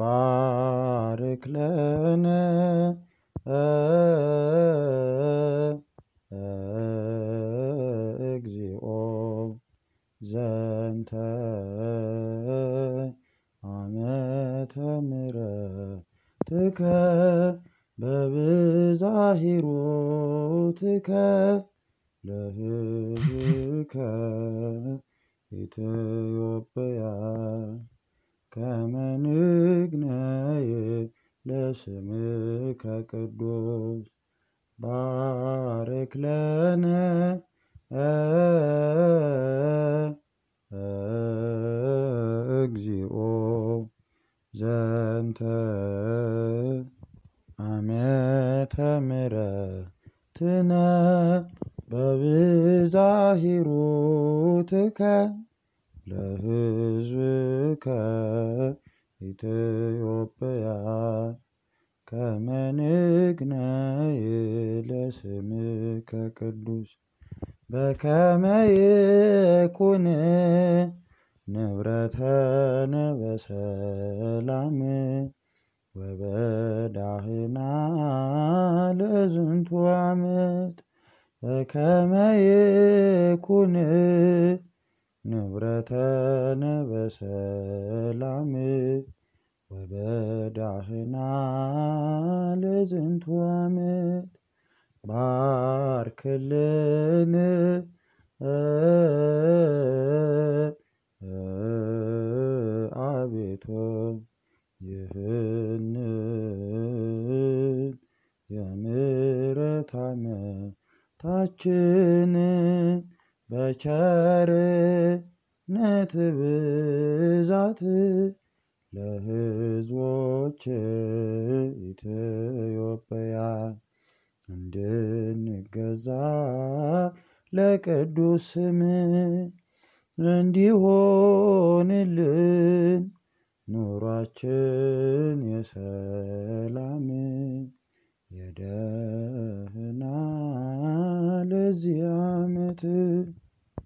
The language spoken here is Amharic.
ባርክ ለነ እግዚኦ ዘንተ ዓመተ ምሕረትከ በብዝኃ ለሕዝብከ ኢትዮጵያ ከመ ስምከ ቅዱስ ባርክ ለነ እግዚኦ ዘንተ አመተ ምሕረትነ ለህዝብከ ኢትዮጵያ ከመንግነይ ለስምከ ቅዱስ በከመ ይኩን ንብረተነ በሰላም ወበዳህና ለዝንቱ ዓመት በከመ ይኩን ንብረተነ በሰላም ወበዳህና ለዝንቱ ዓመት ባርክልን አቤቱ ይህንን የምሕረት ዓመታችን በቸርነት ብዛት ለህዝቦች ኢትዮጵያ እንድንገዛ ለቅዱስ ስም እንዲሆንልን ኑሯችን የሰ